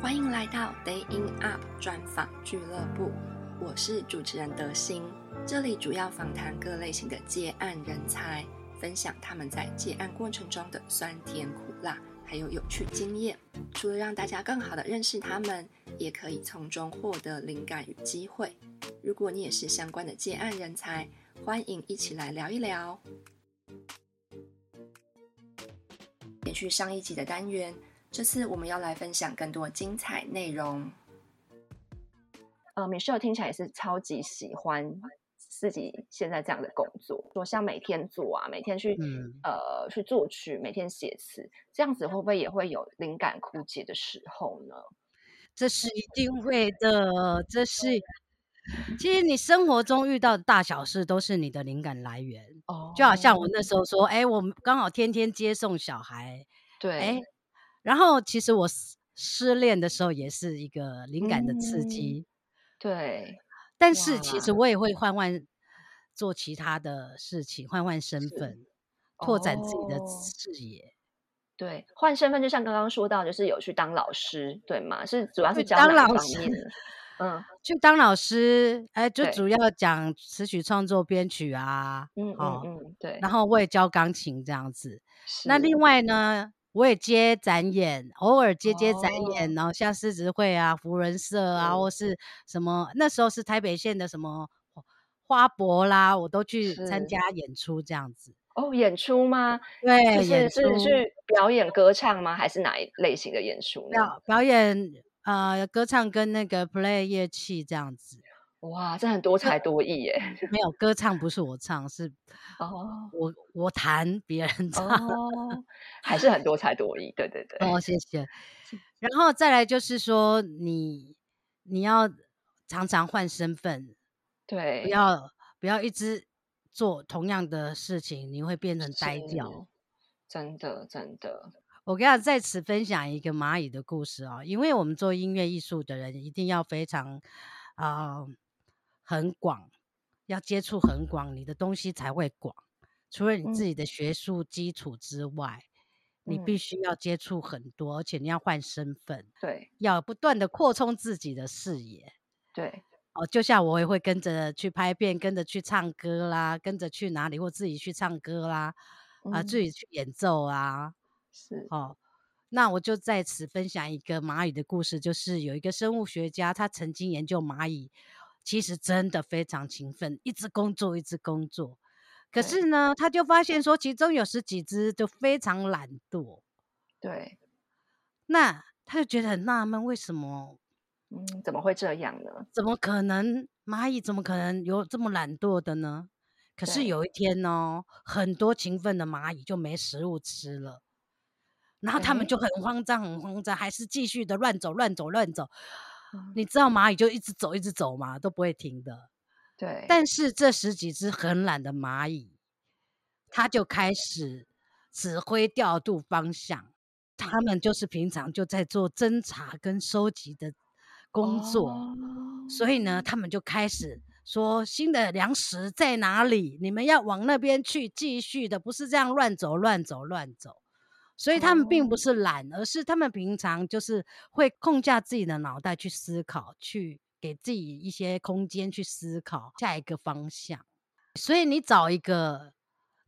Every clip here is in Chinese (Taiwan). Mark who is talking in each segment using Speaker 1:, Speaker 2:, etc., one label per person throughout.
Speaker 1: 歡迎來到 Day In Up 專訪俱樂部，我是主持人德心。這裡主要訪談各類型的接案人才，分享他們在接案過程中的酸甜苦辣，還有有趣經驗。除了讓大家更好的認識他們，也可以從中獲得靈感與機會。如果你也是相關的接案人才，歡迎一起來聊一聊。延續上一集的單元。這次我們要來分享更多精彩內容。呃，Michelle 聽起來也是超級喜歡自己現在這樣的工作，說像每天做啊，每天去、嗯、呃去作曲，每天寫詞，這樣子會不會也會有靈感枯竭的時候呢？
Speaker 2: 這是一定會的。這是其實你生活中遇到的大小事都是你的靈感來源哦，就好像我那時候說，哎，我們剛好天天接送小孩，對，哎然後，其實我失戀的時候也是一個靈感的刺激，嗯，對。但是其實我也會換換做其他的事情，換換身份，哦，拓展自己的
Speaker 1: 視野。對，換身份就像剛剛說到，就是有去當老師，對嘛？是主要是教老師。嗯，去當老師，哎，就主
Speaker 2: 要講詞曲創作、編曲啊。嗯、哦、嗯嗯，對。然後我也教鋼琴這樣子。是。那另外呢？我也接展演，偶爾接接展演，然、哦、後像獅子會啊、扶輪社啊、嗯，或是什麼那時候是台北縣的什麼花博啦，我都去參加演出這樣子。
Speaker 1: 哦，演出嗎？對，就是是去表演歌唱嗎？還是哪一類型的演出呢？表表
Speaker 2: 演呃歌唱跟那個 play 樂器這樣子。
Speaker 1: 哇，這很多
Speaker 2: 才多藝耶！沒有，歌唱不是我唱，是哦，oh. 我我彈，別人唱，oh. 還是很多
Speaker 1: 才多藝。對對對，哦、oh,，謝謝。然後
Speaker 2: 再來就是說，你你要常常換身份，對，不要不要一直做同樣的事情，你會變成呆掉。
Speaker 1: 真的真的，
Speaker 2: 我跟大家在此分享一個螞蟻的故事啊、哦，因為我們做音樂藝術的人一定要非常啊。呃很廣，要接觸很廣，你的東西才會廣。除了你自己的學術基礎之外，嗯、你必須要接觸很多、嗯，而且你要換身份，對，要不斷的擴充自己的視野。對，哦，就像我也會跟着去拍片，跟着去唱歌啦，跟着去哪裡，或自己去唱歌啦，啊、嗯呃，自己去演奏啊。是，哦，那我就在此分享一個螞蟻的故事，就是有一個生物學家，他曾經研究螞蟻。其實真的非常勤奮，一直工作，一直工作。可是呢，他就發現說，其中有十幾隻就非常懶惰。對，那他就覺得很納悶，為什麼？嗯，怎麼會這樣呢？怎麼可能？螞蟻怎麼可能有這麼懶惰的呢？可是有一天呢、哦，很多勤奮的螞蟻就沒食物吃了，然後他們就很慌張，很慌張，還是繼續的亂走，亂走，亂走。你知道螞蟻就一直走，一直走嘛，都不會停的。對，但是這十幾隻很懶的螞蟻，它就開始指揮調度方向。他們就是平常就在做偵查跟收集的工作，oh. 所以呢，他們就開始說新的糧食在哪裡，你們要往那邊去繼續的，不是這樣亂走、亂走、亂走。所以他們並不是懶，oh. 而是他們平常就是會控下自己的腦袋去思考，去給自己一些空間去思考下一個方向。所以你找一個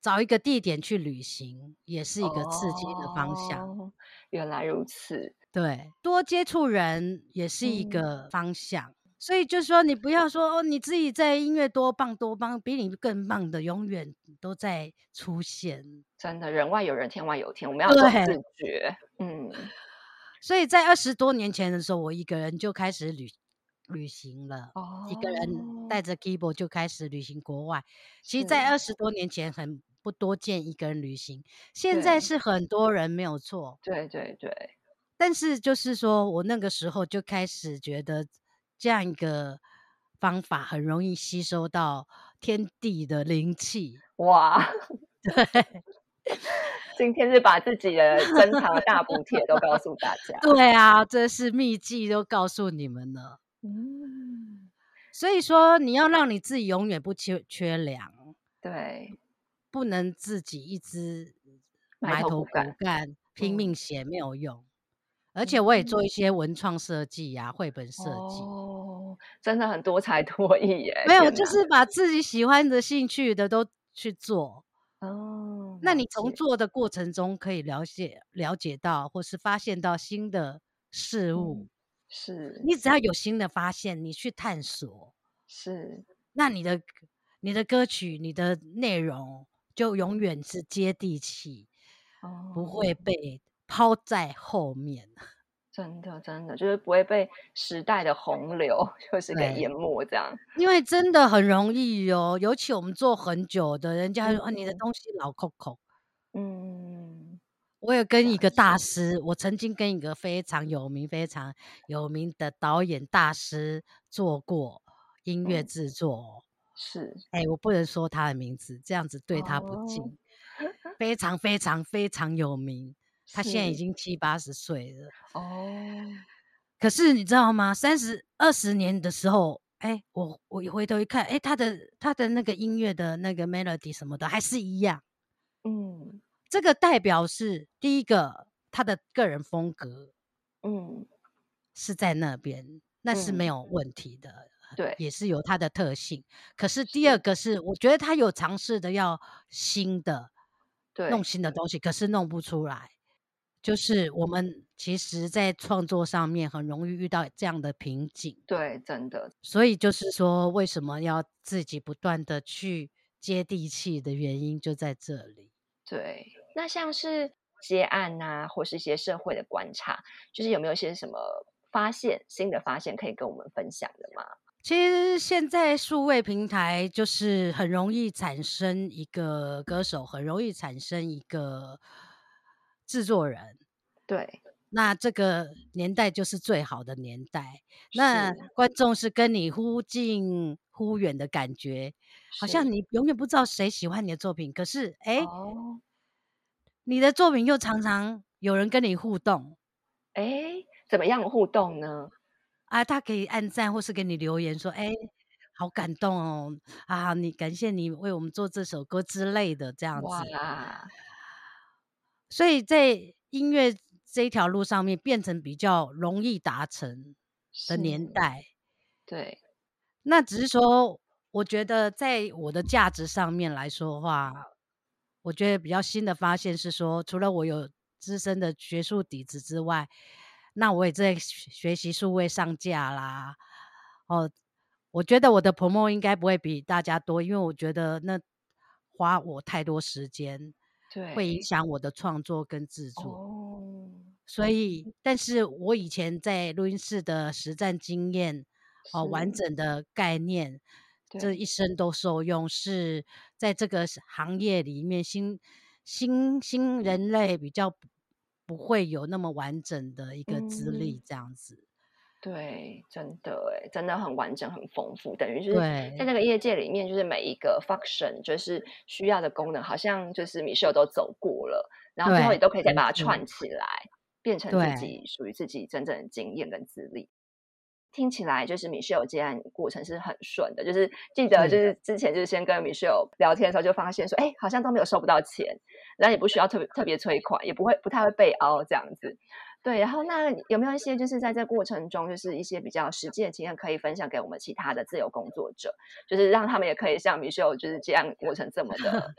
Speaker 2: 找一個地點去旅行，也是一個刺激的方向。Oh, 原來如此，對，多接觸人也是一個方向。嗯所以就是說，你不要說哦，你自己在音樂多棒多棒，比你更棒的永遠都在出現。
Speaker 1: 真的，人外有人，天外有天，我們要做自覺。嗯，
Speaker 2: 所以在二十多年前的時候，我一個人就開始旅旅行了，哦，一個人帶着 keyboard 就開始旅行國外。其實，在二十多年前很不多見一個人旅行，現在是很多人沒有錯。對對對，對，但是就是說我那個時候就開始覺得。這樣一個方法很容易吸收到天地的靈氣。哇，
Speaker 1: 對，今天是把自己的珍藏的大補帖都告訴大家。 對
Speaker 2: 啊，這是秘籍，都告訴你們了。嗯，所以說你要讓你自己永遠不缺缺糧，對，不能自己一直埋頭苦幹苦幹拼命寫，沒有用。嗯而且我也做一些文創設計呀，繪、嗯、本設計哦，真的很多才多藝耶、欸。沒有，就是把自己喜歡的興趣的都去做哦。那你從做的過程中可以了解了解到，或是發現到新的事物。嗯、是，你只要有新的發現，你去探索，是。那你的你的歌曲，你的內容就永遠是接地氣，哦，
Speaker 1: 不會被
Speaker 2: 拋在後面，真
Speaker 1: 的真的就是不會被時代的洪流就是給淹沒這樣，
Speaker 2: 因為真的很容易哦，尤其我們做很久的人，人、嗯、家說你的東西老扣扣。嗯，我也跟一個大師，我曾經跟一個非常有名、非常有名的導演大師做過音樂製作、嗯，是，哎、欸，我不能說他的名字，這樣子對他不敬，哦、 非常非常非常有名。他現在已經七八十歲了哦，oh. 可是你知道嗎？三十二十年的時候，哎、欸，我我一回頭一看，哎、欸，他的他的那個音樂的那個 melody 什麼的還是一樣，嗯，這個代表是第一個他的個人風格，嗯，是在那邊，那是沒有問題的，對、嗯，也是有他的特性。可是第二個是，是我覺得他有嘗試的要新的，對，弄新的東西，可是弄不出來。就是我們其實，在創作上面很容易遇到這樣的瓶頸，
Speaker 1: 對，真的。
Speaker 2: 所以就是說，為什麼要自己不斷的去接地氣的原因就在這裡。
Speaker 1: 對，那像是接案啊，或是一些社會的觀察，就是有沒有些什麼發現、新的發現可以跟我們分享的嗎？
Speaker 2: 其實現在數位平台就是很容易產生一個歌手，很容易產生一個。製作人。對，那這個年代就是最好的年代。那觀眾是跟你忽近忽遠的感覺，好像你永遠不知道誰喜歡你的作品，可是哎、欸哦，你的作品又常常有人跟你互動。哎、欸，怎麼樣互動呢？啊，他可以按讚或是給你留言說：“哎、欸，好感動哦，啊，你感謝你為我們做這首歌之類的這樣子。哇”所以在音樂這一條路上面，變成比較容易達成的年代，對。那只是說，我覺得在我的價值上面來說的話，我覺得比較新的發現是說，除了我有資深的學術底子之外，那我也在學習數位上架啦。哦，我覺得我的 promo 應該不會比大家多，因為我覺得那花我太多時間。對，會影響我的創作跟製作。哦，所以，但是我以前在錄音室的實戰經驗，哦，完整的概念，
Speaker 1: 這一生
Speaker 2: 都受用，是在這個行業裡面新新新人類比較不，不會有那麼完整的一個資歷，嗯，這樣
Speaker 1: 子。對，真的哎，真的很完整，很豐富。等於是在那個業界裡面，就是每一個 function 就是需要的功能，好像就是 Michelle 都走過了，然後最後也都可以再把它串起來，嗯，變成自己屬於自己真正的經驗跟資歷。聽起來就是 Michelle 這樣過程是很順的。就是記得就是之前就是先跟 Michelle 聊天的時候，就發現說，哎、嗯欸，好像都沒有收不到錢，然後也不需要特別特別催款，也不會不太會被凹這樣子。對，然後那有沒有一些就是在這過程中，就是一些比較實際的經驗可以分享給我們其他的自由工作者，就是讓他們也可以像 Michelle 就是這樣過程這麼的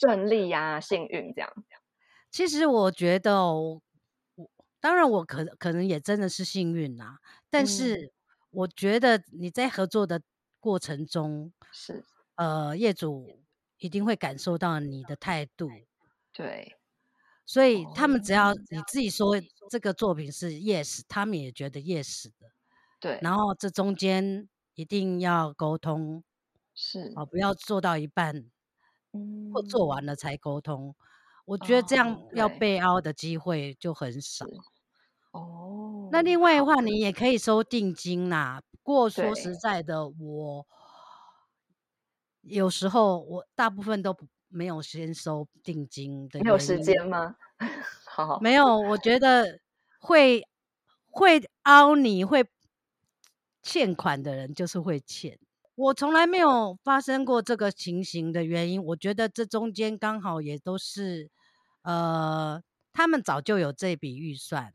Speaker 1: 順利呀，、啊、 幸運這樣。
Speaker 2: 其實我覺得當然我可可能也真的是幸運吶、啊，但是我覺得你在合作的過程中是、嗯、呃，業主一定會感受到你的態度，對。所以他們只要你自己說這個作品是 yes，哦，他們也覺得 yes 的，對。然後這中間一定要溝通，是，啊，哦，不要做到一半，嗯，或做完了才溝通。我覺得這樣要被凹的機會就很少。哦。那另外的話，你也可以收定金啦。不過說實在的，我有時候我大部分都不。沒有先收定金的原因，你有時間嗎？ 沒有。我覺得會會凹你會欠款的人就是會欠。我從來沒有發生過這個情形的原因，我覺得這中間剛好也都是，呃，他們早就有這筆預算了，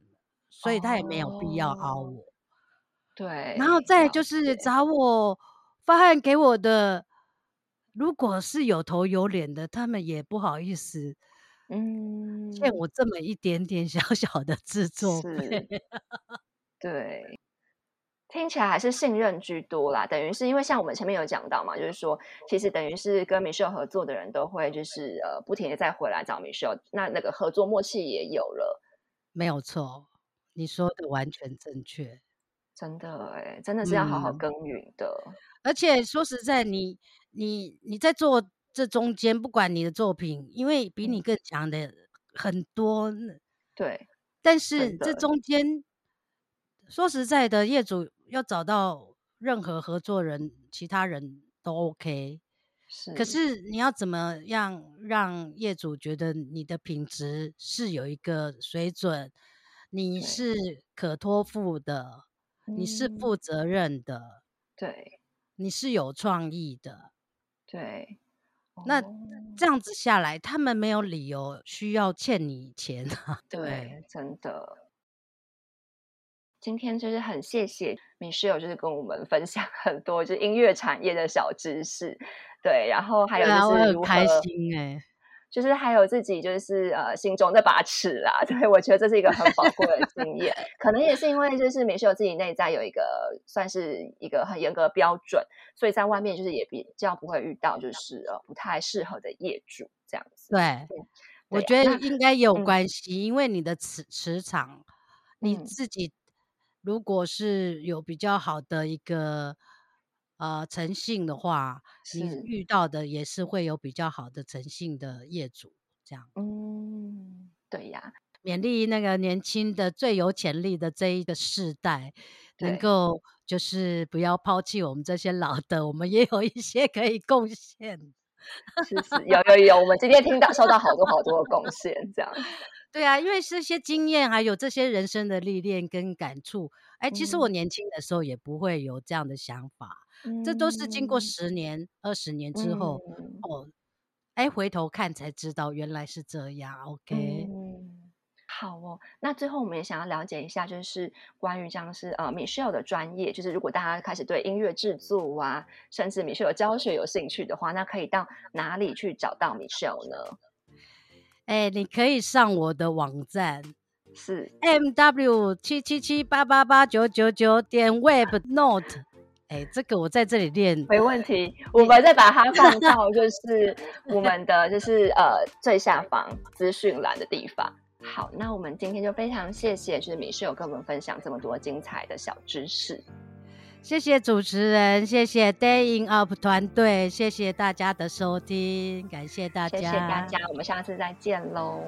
Speaker 2: 所以他也沒有必要凹我。哦，對。然後再就是找我發案給我的。如果是有頭有臉的，他們也不好意思，嗯，欠我這麼一點點小小的製作費、嗯、
Speaker 1: 對，聽起來還是信任居多啦。等於是因為像我們前面有講到嘛，就是說，其實等於是跟 Michelle 合作的人都會，就是、okay. 呃，不停的再回來找 Michelle，那那個合作默契也有了。
Speaker 2: 沒有錯，你說的完全正
Speaker 1: 確。
Speaker 2: 真的哎、欸，
Speaker 1: 真的是要好好耕耘的。嗯而且說實
Speaker 2: 在你，你你你在做這中間，不管你的作品，因為比你更強的很多，嗯、對。但是這中間，說實在的，業主要找到任何合作人，其他人都 OK。是。可是你要怎麼樣讓業主覺得你的品質是有一個水準，你是可托付的，
Speaker 1: 你是
Speaker 2: 負責任的，嗯、對。你是有創意的，對。那這樣子下來，他們沒有理由需要欠你錢啊。
Speaker 1: 對，對真的。今天就是很謝謝 Michelle，就是跟我們分享很多就音樂產業的小知識。對，然後還有就是、啊、我很開心哎、欸。就是還有自己就是呃心中那把尺啦，對，我覺得這是一個很寶貴的經驗。 可能也是因為就是 Michelle 自己內在有一個算是一個很嚴格的標準，所以在外面就是也比較不會遇到就是呃不太適合的業主這樣子。對，對對，我覺得應該有關
Speaker 2: 係，因為你的磁磁場、嗯、你自己如果是有比較好的一個。呃，誠信的話，你遇到的也是會有比較好的誠信的業主這樣。嗯，對呀，勉勵那個年輕的最有潛力的這一個世代，能夠就是不要拋棄我們這些老的，我們也有一些可以貢
Speaker 1: 獻。是是，有有有，有 我們今天聽到收到好多好多的貢獻這樣。
Speaker 2: 對啊，因為這些經驗，還有這些人生的歷練跟感觸。哎，其實我年輕的時候也不會有這樣的想法。嗯這都是經過十年、嗯、二十年之後我，哎、嗯哦欸，回頭看才知道原來是這樣。嗯、
Speaker 1: OK，好哦。那最後我們也想要了解一下，就是關於像是呃 Michelle 的專業，就是如果大家開始對音樂製作啊，甚至 Michelle 教學有興趣的話，那可以到哪裡去找到 Michelle 呢？哎，
Speaker 2: 你可以上我的網站，
Speaker 1: 是 M W 七七七八八八
Speaker 2: 九九九點 Web Note。Webnote 哎，這個我在這裡練沒
Speaker 1: 問題。 我們再把它放到就是我們的就是呃最下方資訊欄的地方。好，那我們今天就非常謝謝，就是 Michelle 跟我們分享這麼多精彩的小知識。
Speaker 2: 謝謝主持人，謝謝 Day in Up 團隊，謝謝大家的收聽，感謝大家，謝謝大家，
Speaker 1: 我們下次再見嘍。